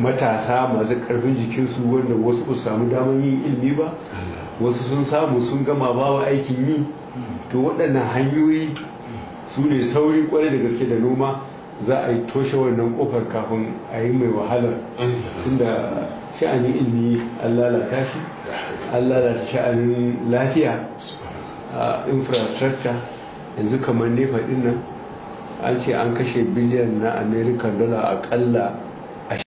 matasa masu karfin jikinsu wanda wasu basu samu damar yin ilmi ba wasu sun samu sun gama bawa aikin yi to waɗannan hanyoyi su ne sauri kwarai da gaske da noma za a yi toshe wannan kofar kafin a yi mai wahalar tunda sha'anin ilmi an lalata shi an lalata sha'anin lafiya a infrastructure yanzu kamar nefa ɗin nan an ce an kashe biliyan na american dollar akalla